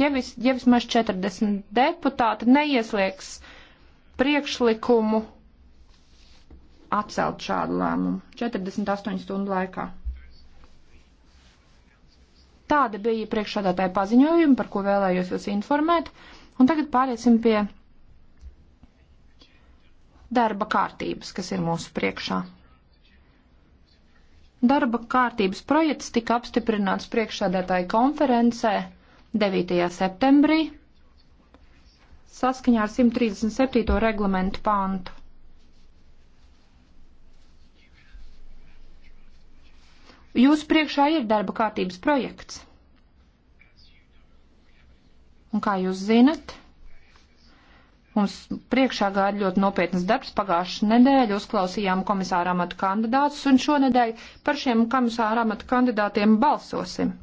ja, vis, ja vismaz 40 deputāti neieslēgs priekšlikumu atcelt šādu lēmumu 48 stundu laikā. Tāda bija priekšādātāja paziņojuma, par ko vēlējos jūs informēt, un tagad pāriesim pie darba kārtības, kas ir mūsu priekšā. Darba kārtības projekts tika apstiprināts priekšādātāja konferencē 9. septembrī saskaņā ar 137. reglamentu pāntu. Jūsu priekšā ir darba kārtības projekts. Un kā jūs zinat, mums priekšā gāja ļoti nopietnas darbs. Pagājušā nedēļa uzklausījām komisāra amatu kandidātus, un šonedēļ par šiem komisāra amatu kandidātiem balsosim.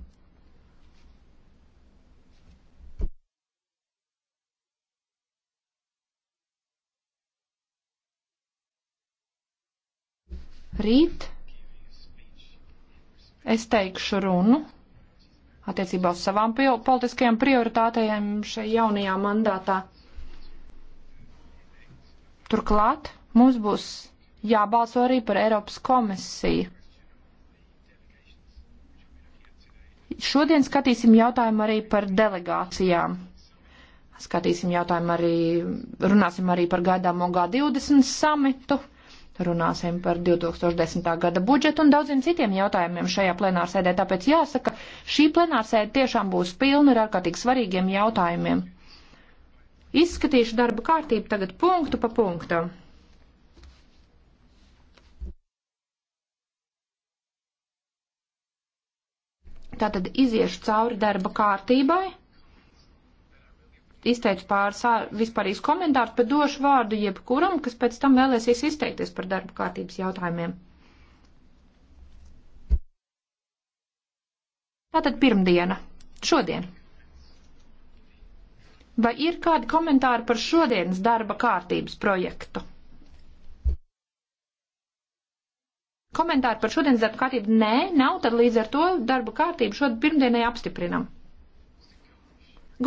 Rīt es teikšu runu attiecībā uz savām politiskajām prioritātēm šajā jaunajā mandātā. Turklāt mums būs jābalso arī par Eiropas komisiju. Šodien skatīsim jautājumu arī par delegācijām. Skatīsim jautājumu arī, runāsim arī par gaidāmo G20 samitu runāsim par 2010. gada budžetu un daudziem citiem jautājumiem šajā plenārsēdē. Tāpēc jāsaka, šī plenārsēde tiešām būs pilna ar ārkārtīgi svarīgiem jautājumiem. Izskatīšu darba kārtību tagad punktu pa punktam. Tātad iziešu cauri darba kārtībai izteicu pāris vispārīs komentārus, bet došu vārdu jebkuram, kas pēc tam vēlēsies izteikties par darba kārtības jautājumiem. Tātad pirmdiena, šodien. Vai ir kādi komentāri par šodienas darba kārtības projektu? Komentāri par šodienas darba kārtību nē, nav, tad līdz ar to darba kārtību šodien pirmdienai apstiprinam.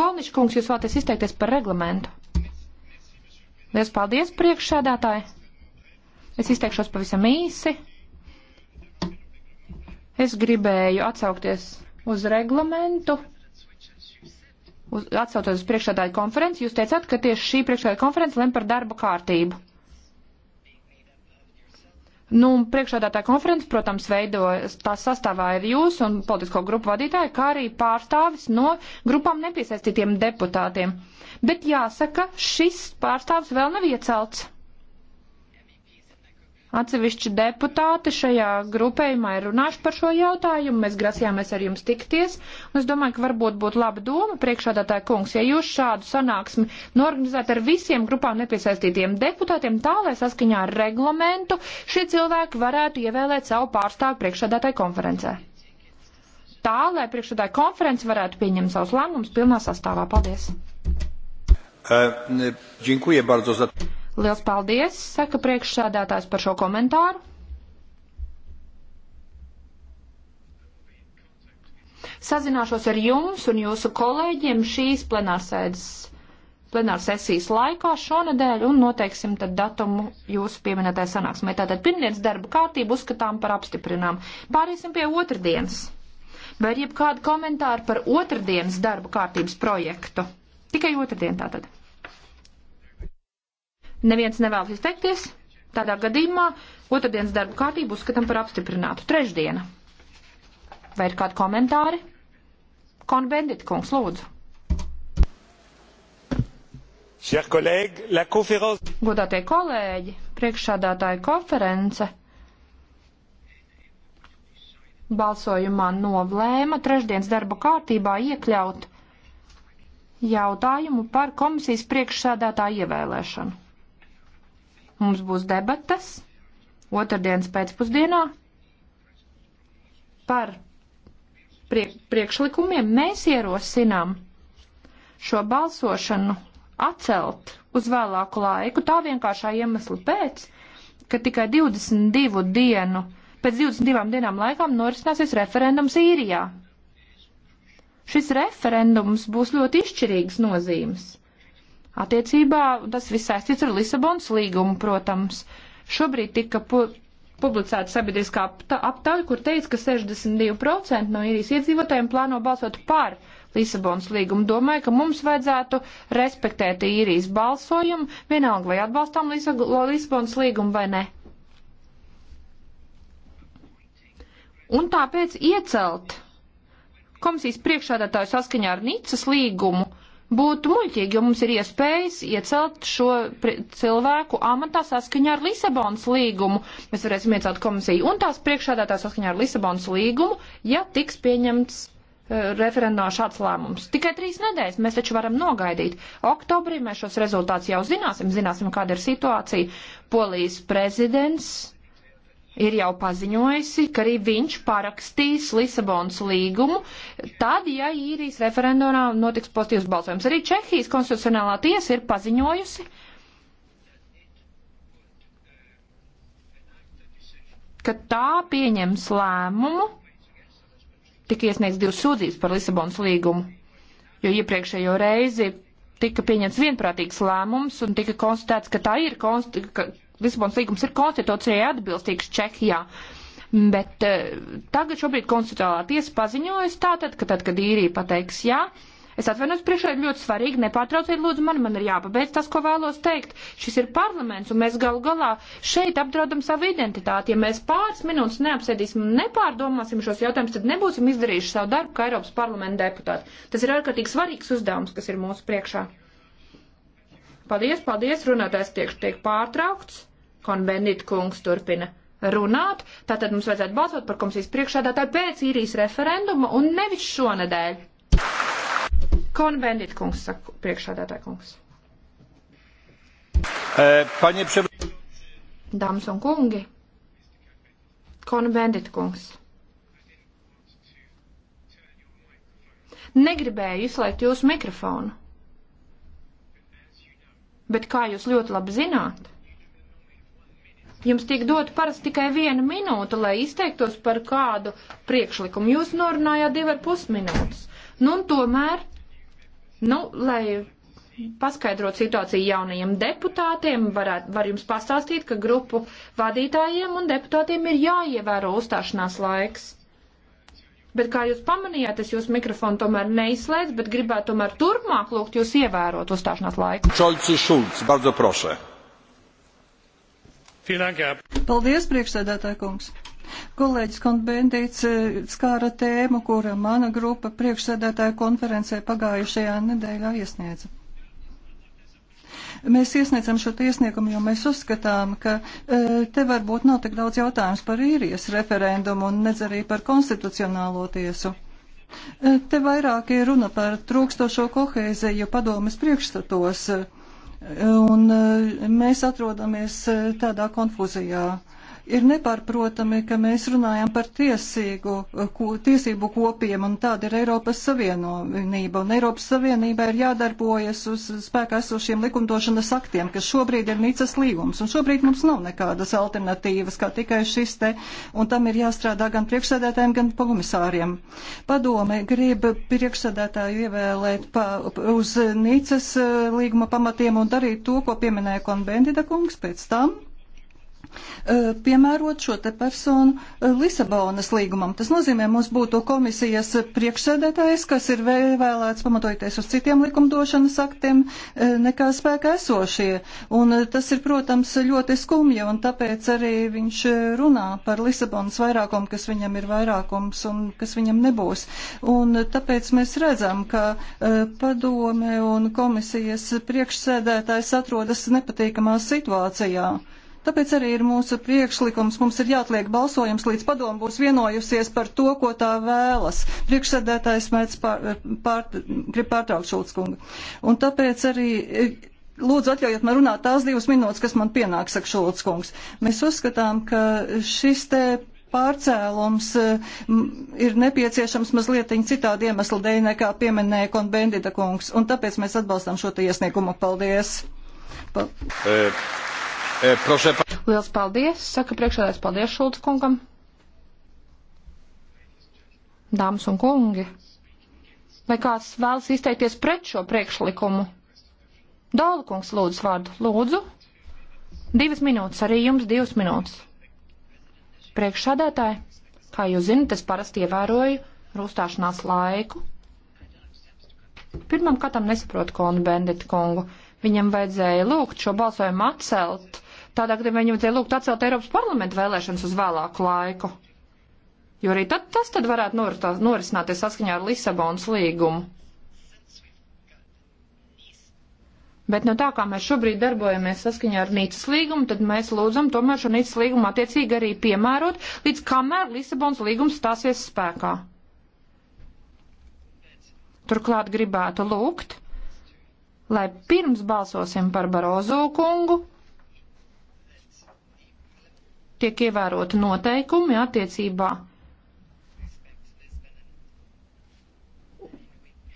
Golniša kungs, jūs vēlaties izteikties par reglamentu? Liels paldies, priekšsēdētāji! Es izteikšos pavisam īsi. Es gribēju atsaukties uz reglamentu, uz, atsaucoties uz priekšsēdētāju konferenci. Jūs teicāt, ka tieši šī priekšsēdētāja konferences lem par darba kārtību. Nu, priekšādātāja konferences, protams, veido, tās sastāvā ir jūs un politisko grupu vadītāji, kā arī pārstāvis no grupām nepiesaistītiem deputātiem. Bet jāsaka, šis pārstāvis vēl nav iecelts. Atsevišķi deputāti šajā grupējumā ir runājuši par šo jautājumu, mēs grasījāmies ar jums tikties, un es domāju, ka varbūt būtu laba doma priekšādātāja kungs, ja jūs šādu sanāksmi norganizētu ar visiem grupām nepiesaistītiem deputātiem, tā lai saskaņā ar reglamentu šie cilvēki varētu ievēlēt savu pārstāvu priekšādātāju konferencē. Tā, lai priekšādāja konference varētu pieņemt savus lēmumus pilnā sastāvā. Paldies! Uh, dziękuję bardzo za... Liels paldies, saka priekšsādātājs par šo komentāru. Sazināšos ar jums un jūsu kolēģiem šīs plenārsēdes, plenārsesijas laikā šonadēļ un noteiksim tad datumu jūsu pieminētāja sanāksmē. Tātad pirmdienas darba kārtību uzskatām par apstiprinām. Pāriesim pie otrdienas. Vai ir jebkādi komentāri par otrdienas darba kārtības projektu? Tikai otrdien tātad. Neviens nevēlas izteikties. Tādā gadījumā otrdienas darba kārtību uzskatām par apstiprinātu. Trešdiena. Vai ir kādi komentāri? Konbendit kungs, lūdzu. Godātie kolēģi, priekšsādātāja konference balsojumā novlēma trešdienas darba kārtībā iekļaut jautājumu par komisijas priekšsādātāju ievēlēšanu. Mums būs debatas otrdienas pēcpusdienā par priek priekšlikumiem. Mēs ierosinām šo balsošanu atcelt uz vēlāku laiku tā vienkāršā iemesla pēc, ka tikai 22 dienu, pēc 22 dienām laikām norisināsies referendums īrijā. Šis referendums būs ļoti izšķirīgs nozīmes. Attiecībā tas viss saistīts ar Lisabonas līgumu, protams. Šobrīd tika pu publicēta sabiedriskā aptauja, kur teica, ka 62% no īrijas iedzīvotājiem plāno balsot par Lisabonas līgumu. Domāju, ka mums vajadzētu respektēt īrijas balsojumu, vienalga vai atbalstām Lisabonas līgumu vai ne. Un tāpēc iecelt komisijas priekšādātāju saskaņā ar Nīcas līgumu būtu muļķīgi, jo mums ir iespējas iecelt šo cilvēku amatā saskaņā ar Lisabonas līgumu. Mēs varēsim iecelt komisiju un tās priekšādātā saskaņā ar Lisabonas līgumu, ja tiks pieņemts uh, e, referendumā šāds lēmums. Tikai trīs nedēļas mēs taču varam nogaidīt. Oktobrī mēs šos rezultātus jau zināsim, zināsim, kāda ir situācija. Polijas prezidents ir jau paziņojusi, ka arī viņš parakstīs Lisabonas līgumu, tad, ja īrijas referendumā notiks pozitīvs balsojums. Arī Čehijas konstitucionālā tiesa ir paziņojusi, ka tā pieņems lēmumu, tika iesniegts divas sūdzības par Lisabonas līgumu, jo iepriekšējo reizi tika pieņemts vienprātīgs lēmums un tika konstatēts, ka tā ir, konst, ka, Lisabons līgums ir konstitūcijai atbilstīgs Čehijā. Bet eh, tagad šobrīd konstitucionālā tiesa paziņojas tātad, ka tad, kad īrija pateiks jā, Es atvainojos, priekšā ir ļoti svarīgi, nepārtrauciet lūdzu mani, man ir jāpabeidz tas, ko vēlos teikt. Šis ir parlaments, un mēs galu galā šeit apdraudam savu identitāti. Ja mēs pāris minūtes neapsēdīsim un nepārdomāsim šos jautājumus, tad nebūsim izdarījuši savu darbu kā Eiropas parlamenta deputāti. Tas ir ārkārtīgi svarīgs uzdevums, kas ir mūsu priekšā. Paldies, paldies, runātājs tiek, tiek pārtraukts. Konbendit kungs turpina runāt, tātad mums vajadzētu balsot par komisijas priekšādātāju pēc īrijas referenduma un nevis šonadēļ. Konbendit kungs, saka priekšādātāja kungs. E, Paņemšu. Dāmas un kungi. Konbendit kungs. Negribēju izslēgt jūsu mikrofonu. Bet kā jūs ļoti labi zināt, Jums tiek dot parasti tikai viena minūte, lai izteiktos par kādu priekšlikumu. Jūs norunājāt divi ar pus minūtes. Nu, un tomēr, nu, lai paskaidrot situāciju jaunajiem deputātiem, varēt, var jums pastāstīt, ka grupu vadītājiem un deputātiem ir jāievēro uzstāšanās laiks. Bet kā jūs pamanījāt, es jūs mikrofonu tomēr neizslēdzu, bet gribētu tomēr turpmāk lūgt jūs ievērot uzstāšanās laiku. Čolci Šulc, bardzo prošē. Paldies, priekšsēdētāji kungs! Kolēģis Konbendīts eh, skāra tēmu, kura mana grupa priekšsēdētāja konferencē pagājušajā nedēļā iesniedza. Mēs iesniedzam šo tiesniegumu, jo mēs uzskatām, ka eh, te varbūt nav tik daudz jautājums par īrijas referendumu un nedz arī par konstitucionālo tiesu. Eh, te vairāk ir runa par trūkstošo koheiziju padomas priekšstatos. Un eh, mēs atrodamies eh, tādā konfūzijā. Ir nepārprotami, ka mēs runājam par tiesīgu, eh, ko, tiesību kopiem, un tāda ir Eiropas Savienība. Un Eiropas Savienība ir jādarbojas uz spēkā esošiem likumdošanas aktiem, kas šobrīd ir Nīcas līgums. Un šobrīd mums nav nekādas alternatīvas, kā tikai šis te, un tam ir jāstrādā gan priekšsēdētājiem, gan komisāriem. Padome grib priekšsēdētāju ievēlēt pa, uz Nīcas eh, līguma pamatiem un darīt to, ko pieminēja Konbendida kungs pēc tam piemērot šo te personu Lisabonas līgumam. Tas nozīmē, mums būtu komisijas priekšsēdētājs, kas ir vēlēts pamatojoties uz citiem likumdošanas aktiem nekā spēkā esošie. Un tas ir, protams, ļoti skumja, un tāpēc arī viņš runā par Lisabonas vairākumu, kas viņam ir vairākums un kas viņam nebūs. Un tāpēc mēs redzam, ka padome un komisijas priekšsēdētājs atrodas nepatīkamā situācijā. Tāpēc arī ir mūsu priekšlikums. Mums ir jāatliek balsojums, līdz padomu būs vienojusies par to, ko tā vēlas. Priekšsēdētājs mēdz pār, pār, grib pārtraukt Šulckungu. Un tāpēc arī. Lūdzu, atļaujiet man runāt tās divas minūtes, kas man pienāk, saka Šulckungs. Mēs uzskatām, ka šis te pārcēlums ir nepieciešams mazliet citādi iemeslu dēļ, nekā pieminēja konbendita kungs, un tāpēc mēs atbalstām šo te iesniegumu. Paldies! Pa... E E, Prošē... Liels paldies, saka priekšādājs, paldies Šulc kungam. Dāmas un kungi, vai kāds vēlas izteikties pret šo priekšlikumu? Daula kungs lūdzu vārdu. Lūdzu. Divas minūtes, arī jums divas minūtes. Priekšsādātāji, kā jūs zinat, es parasti ievēroju uzstāšanās laiku. Pirmam katam nesaprotu Konu Bendita kungu. Viņam vajadzēja lūgt šo balsojumu atcelt, Tādā gadījumā viņam vajadzēja lūgt atcelt Eiropas parlamentu vēlēšanas uz vēlāku laiku. Jo arī tad, tas tad varētu noritā, norisināties saskaņā ar Lisabonas līgumu. Bet no nu tā, kā mēs šobrīd darbojamies saskaņā ar Nīcas līgumu, tad mēs lūdzam tomēr šo Nīcas līgumu attiecīgi arī piemērot, līdz kamēr Lisabonas līgums stāsies spēkā. Turklāt gribētu lūgt, lai pirms balsosim par Barozo kungu, tiek ievēroti noteikumi attiecībā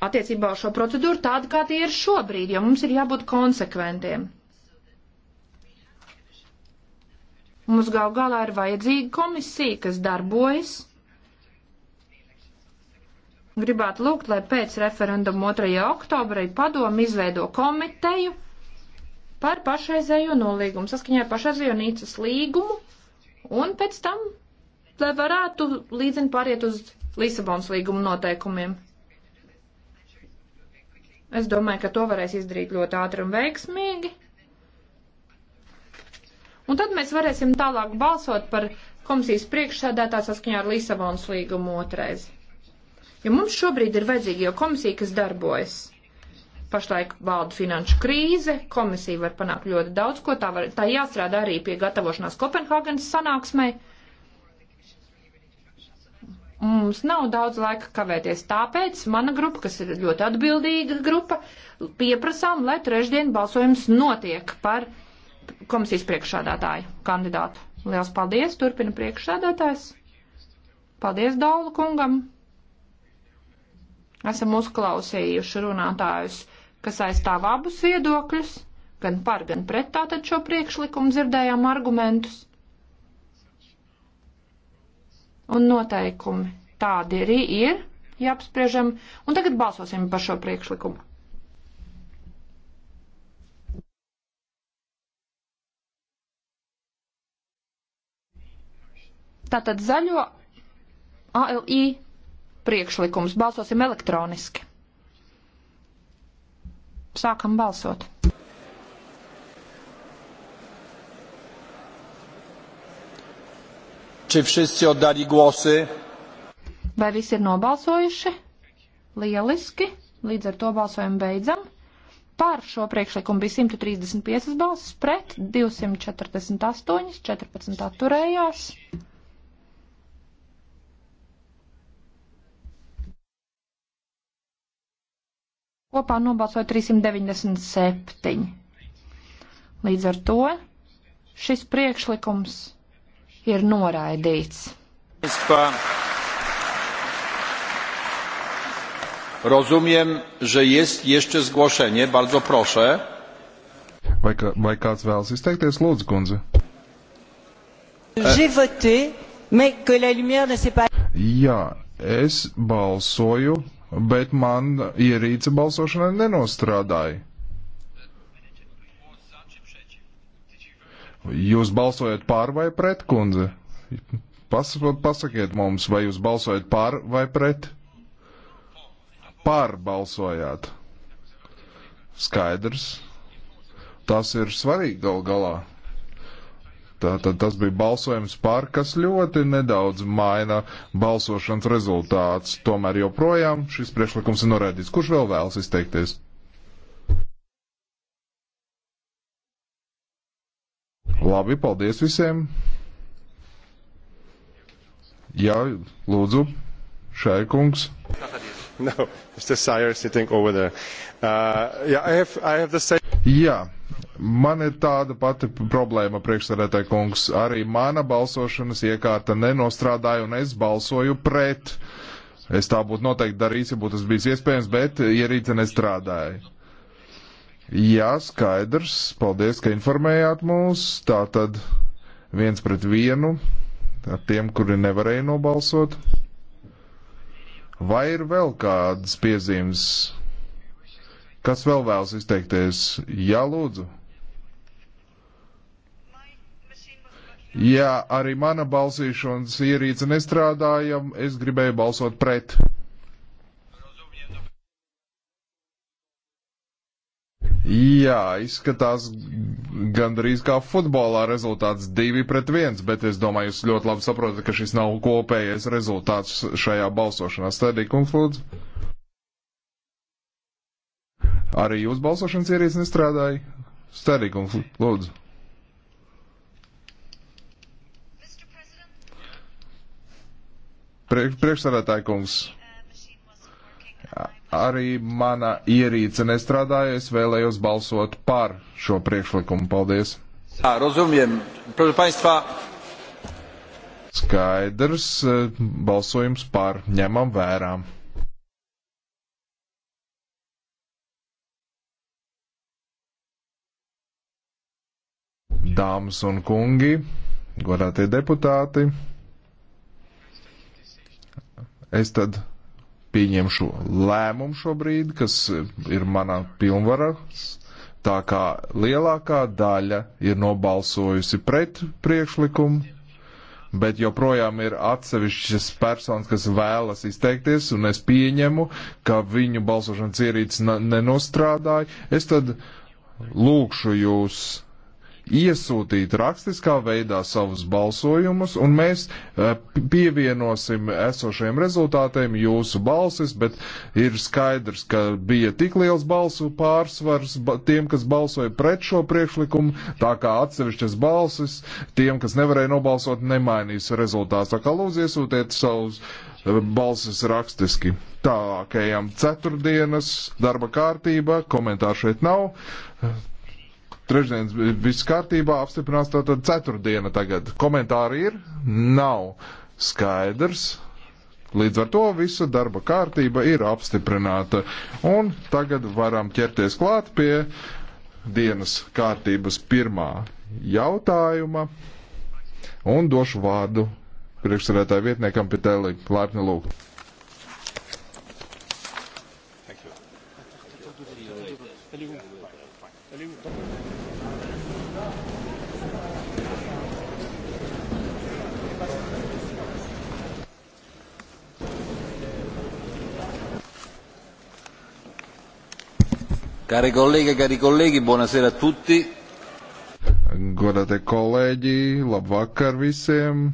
attiecībā uz šo procedūru tādu, kā tie ir šobrīd, jo mums ir jābūt konsekventiem. Mums gal galā ir vajadzīga komisija, kas darbojas. Gribētu lūgt, lai pēc referendumu 2. oktobrī padomu izveido komiteju par pašreizējo nolīgumu saskaņā ar pašreizējo Nīcas līgumu un pēc tam, lai varētu līdzin pāriet uz Lisabonas līguma noteikumiem. Es domāju, ka to varēs izdarīt ļoti ātri un veiksmīgi. Un tad mēs varēsim tālāk balsot par komisijas priekšsēdētā saskaņā ar Lisabonas līgumu otrais. Jo ja mums šobrīd ir vajadzīga jau komisija, kas darbojas. Pašlaik valda finanšu krīze, komisija var panākt ļoti daudz, ko tā, var, tā jāstrādā arī pie gatavošanās Kopenhāgenes sanāksmai. Mums nav daudz laika kavēties, tāpēc mana grupa, kas ir ļoti atbildīga grupa, pieprasām, lai trešdien balsojums notiek par komisijas priekšsādātāju kandidātu. Liels paldies, turpina priekšsādātājs. Paldies Daulu kungam. Esam uzklausījuši runātājus kas aizstāv abus viedokļus, gan par, gan pret tātad šo priekšlikumu dzirdējām argumentus. Un noteikumi tādi arī ir, jāapspriežam, un tagad balsosim par šo priekšlikumu. Tātad zaļo ALI priekšlikums balsosim elektroniski. Sākam balsot. Czy wszyscy oddali głosy? Vai visi ir nobalsojuši? Lieliski. Līdz ar to balsojumu beidzam. Par šo priekšlikumu bija 135 balsis, pret 248, 14 atturējās. Kopā nobalsoja 397. Līdz ar to šis priekšlikums ir noraidīts. Rozumiem, że jest jeszcze zgłoszenie. Bardzo proszę. Vai, kā, vai kāds vēlas izteikties, lūdzu, kundze? Voté, mais que la lumière ne s'est pas... Jā, es balsoju, bet man ierīce balsošanai nenostrādāja. Jūs balsojat pār vai pret, kundze? Pas, pasakiet mums, vai jūs balsojat pār vai pret? Pār balsojāt. Skaidrs. Tas ir svarīgi gal galā. Tātad tas bija balsojums par, kas ļoti nedaudz maina balsošanas rezultāts. Tomēr joprojām šis priekšlikums ir norēdīts. Kurš vēl vēlas izteikties? Labi, paldies visiem. Jā, lūdzu, Šērkungs. No, Mr. Sire sitting over there. Uh, yeah, I have, I have the same... Jā, Man ir tāda pati problēma, priekšsēdētāji kungs. Arī mana balsošanas iekārta nenostrādāja un es balsoju pret. Es tā būtu noteikti darījis, ja būtu tas bijis iespējams, bet ierīce nestrādāja. Jā, skaidrs. Paldies, ka informējāt mūs. Tā tad viens pret vienu ar tiem, kuri nevarēja nobalsot. Vai ir vēl kādas piezīmes? Kas vēl vēlas izteikties? Jā, lūdzu! Ja arī mana balsīšanas ierīce nestrādāja, es gribēju balsot pret. Jā, izskatās gandrīz kā futbolā rezultāts 2 pret 1, bet es domāju, jūs ļoti labi saprotat, ka šis nav kopējais rezultāts šajā balsošanā. Stādīja kungs, lūdzu. Arī jūs balsošanas ierīces nestrādāja? Stādīja kungs, lūdzu. Priekšsēdētāji kungs, arī mana ierīce nestrādāja, es vēlējos balsot par šo priekšlikumu. Paldies! Tā, rozumiem. Prošu paņstvā. Skaidrs, balsojums par ņemam vērām. Dāmas un kungi, godātie deputāti! es tad pieņemšu lēmumu šobrīd, kas ir manā pilnvarā. Tā kā lielākā daļa ir nobalsojusi pret priekšlikumu, bet joprojām ir atsevišķas personas, kas vēlas izteikties, un es pieņemu, ka viņu balsošanas ierīces nenostrādāja, es tad lūkšu jūs iesūtīt rakstiskā veidā savus balsojumus, un mēs eh, pievienosim esošiem rezultātiem jūsu balsis, bet ir skaidrs, ka bija tik liels balsu pārsvars tiem, kas balsoja pret šo priekšlikumu, tā kā atsevišķas balsis tiem, kas nevarēja nobalsot, nemainīs rezultāts. Tā kā lūdzu iesūtiet savus eh, balsis rakstiski. Tālākajam ceturtdienas darba kārtība, komentāru šeit nav. Trešdienas viss kārtībā apstiprinās tātad ceturtdiena tagad. Komentāri ir? Nav. Skaidrs. Līdz ar to visa darba kārtība ir apstiprināta. Un tagad varam ķerties klāt pie dienas kārtības pirmā jautājuma. Un došu vārdu priekšsēdētāju vietniekam Pitēlī. Lēpni lūgt. Thank you. Thank you. Care colleghe, cari colleghi, buonasera a tutti. Godate kolēģi, labvakar visiem.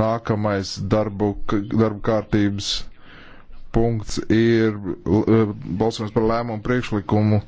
Nākamais darbu, darbu kārtības punkts ir eh, balsojums par lēmumu priekšlikumu